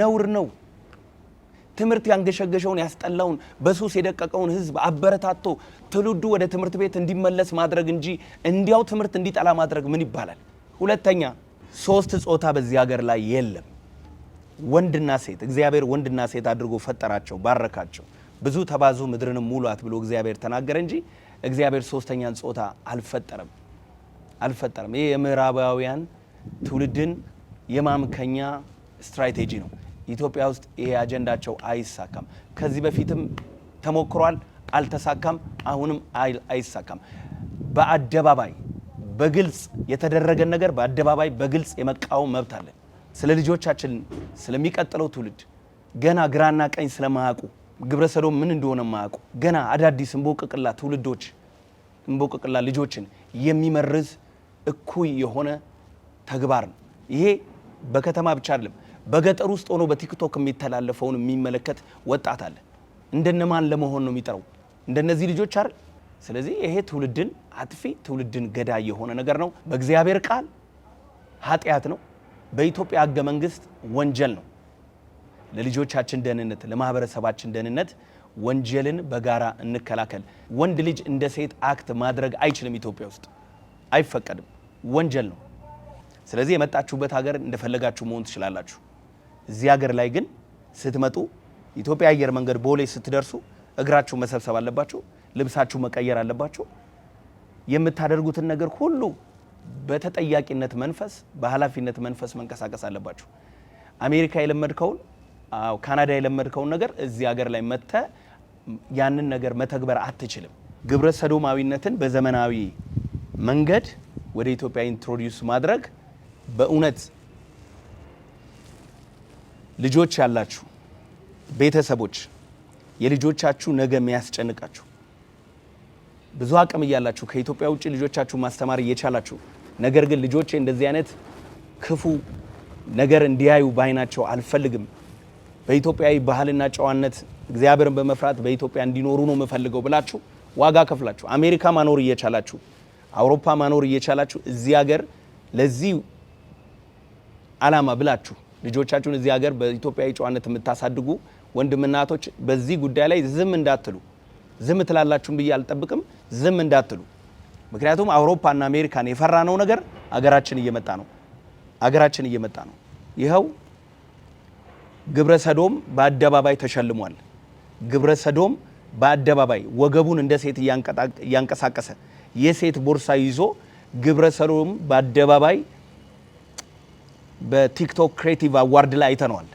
ነውር ነው። ትምህርት ያንገሸገሸውን ያስጠላውን በሱስ የደቀቀውን ህዝብ አበረታቶ ትውልዱ ወደ ትምህርት ቤት እንዲመለስ ማድረግ እንጂ እንዲያው ትምህርት እንዲጠላ ማድረግ ምን ይባላል? ሁለተኛ ሶስት ጾታ በዚህ ሀገር ላይ የለም። ወንድና ሴት እግዚአብሔር ወንድና ሴት አድርጎ ፈጠራቸው፣ ባረካቸው። ብዙ ተባዙ ምድርንም ሙሏት ብሎ እግዚአብሔር ተናገረ እንጂ እግዚአብሔር ሶስተኛን ጾታ አልፈጠረም አልፈጠረም። ይህ የምዕራባውያን ትውልድን የማምከኛ ስትራቴጂ ነው። ኢትዮጵያ ውስጥ ይሄ አጀንዳቸው አይሳካም። ከዚህ በፊትም ተሞክሯል፣ አልተሳካም፣ አሁንም አይሳካም። በአደባባይ በግልጽ የተደረገን ነገር በአደባባይ በግልጽ የመቃወም መብት አለን። ስለ ልጆቻችን ስለሚቀጥለው ትውልድ ገና ግራና ቀኝ ስለማያውቁ ግብረሰዶ ምን እንደሆነ ማያውቁ ገና አዳዲስ እንቦቅቅላ ትውልዶች እንቦቅቅላ ልጆችን የሚመርዝ እኩይ የሆነ ተግባር ነው። ይሄ በከተማ ብቻ አይደለም በገጠር ውስጥ ሆኖ በቲክቶክ የሚተላለፈውን የሚመለከት ወጣት አለ። እንደነማን ለመሆን ነው የሚጠራው? እንደነዚህ ልጆች አይደል? ስለዚህ ይሄ ትውልድን አጥፊ ትውልድን ገዳይ የሆነ ነገር ነው። በእግዚአብሔር ቃል ኃጢአት ነው። በኢትዮጵያ ሕገ መንግስት ወንጀል ነው። ለልጆቻችን ደህንነት፣ ለማህበረሰባችን ደህንነት ወንጀልን በጋራ እንከላከል። ወንድ ልጅ እንደ ሴት አክት ማድረግ አይችልም። ኢትዮጵያ ውስጥ አይፈቀድም፣ ወንጀል ነው። ስለዚህ የመጣችሁበት ሀገር እንደፈለጋችሁ መሆን ትችላላችሁ። እዚህ ሀገር ላይ ግን ስትመጡ ኢትዮጵያ አየር መንገድ ቦሌ ስትደርሱ እግራችሁ መሰብሰብ አለባችሁ፣ ልብሳችሁ መቀየር አለባችሁ። የምታደርጉትን ነገር ሁሉ በተጠያቂነት መንፈስ፣ በኃላፊነት መንፈስ መንቀሳቀስ አለባችሁ። አሜሪካ የለመድከውን አዎ፣ ካናዳ የለመድከውን ነገር እዚህ ሀገር ላይ መጥተ ያንን ነገር መተግበር አትችልም። ግብረ ሰዶማዊነትን በዘመናዊ መንገድ ወደ ኢትዮጵያ ኢንትሮዲውስ ማድረግ በእውነት ልጆች ያላችሁ ቤተሰቦች የልጆቻችሁ ነገ የሚያስጨንቃችሁ ብዙ አቅም እያላችሁ ከኢትዮጵያ ውጭ ልጆቻችሁ ማስተማር እየቻላችሁ ነገር ግን ልጆቼ እንደዚህ አይነት ክፉ ነገር እንዲያዩ ባይናቸው አልፈልግም፣ በኢትዮጵያዊ ባህልና ጨዋነት እግዚአብሔርን በመፍራት በኢትዮጵያ እንዲኖሩ ነው የምፈልገው ብላችሁ ዋጋ ከፍላችሁ አሜሪካ ማኖር እየቻላችሁ አውሮፓ ማኖር እየቻላችሁ እዚህ ሀገር ለዚህ አላማ ብላችሁ ልጆቻችሁን እዚህ ሀገር በኢትዮጵያዊ ጨዋነት የምታሳድጉ ወንድምናቶች በዚህ ጉዳይ ላይ ዝም እንዳትሉ፣ ዝም ትላላችሁን ብዬ አልጠብቅም። ዝም እንዳትሉ። ምክንያቱም አውሮፓና አሜሪካን የፈራነው ነገር አገራችን እየመጣ ነው። አገራችን እየመጣ ነው። ይኸው ግብረ ሰዶም በአደባባይ ተሸልሟል። ግብረ ሰዶም በአደባባይ ወገቡን እንደ ሴት እያንቀሳቀሰ የሴት ቦርሳ ይዞ ግብረ ሰዶም በአደባባይ በቲክቶክ ክሬቲቭ አዋርድ ላይ አይተነዋል።